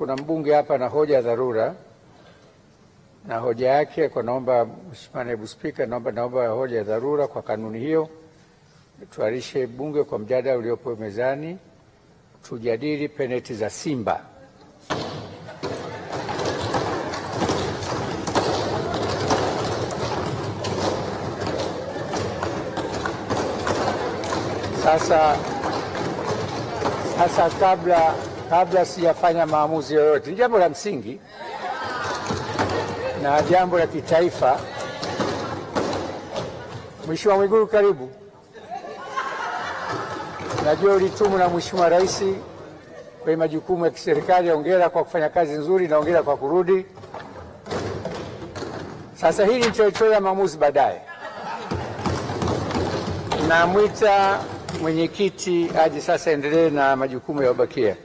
Kuna mbunge hapa na hoja ya dharura na hoja yake kwa, naomba Mheshimiwa Naibu Spika, naomba naomba hoja ya dharura kwa kanuni hiyo tuarishe bunge kwa mjadala uliopo mezani, tujadili peneti za Simba. Sasa sasa kabla kabla sijafanya maamuzi yoyote. Ni jambo la msingi na jambo la kitaifa. Mheshimiwa Mwigulu, karibu. Najua ulitumwa na Mheshimiwa Rais kwenye majukumu ya kiserikali. Ongera kwa kufanya kazi nzuri na ongera kwa kurudi. Sasa hili nitalitolea maamuzi baadaye. Namwita mwenyekiti aje sasa, endelee na majukumu ya ubakia.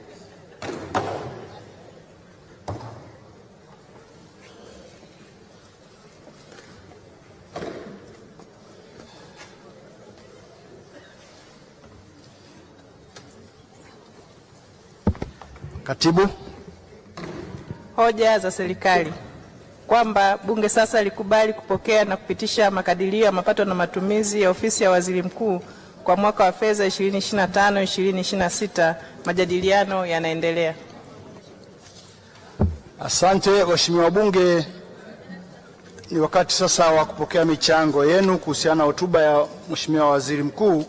Katibu, hoja za serikali kwamba bunge sasa likubali kupokea na kupitisha makadirio ya mapato na matumizi ya ofisi ya waziri mkuu kwa mwaka wa fedha 2025 2026. Majadiliano yanaendelea. Asante waheshimiwa wabunge, ni wakati sasa wa kupokea michango yenu kuhusiana na hotuba ya Mheshimiwa Waziri Mkuu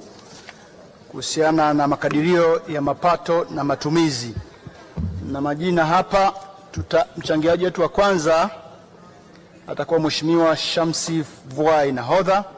kuhusiana na makadirio ya mapato na matumizi na majina hapa tuta, mchangiaji wetu wa kwanza atakuwa Mheshimiwa Shamsi Vuai Nahodha.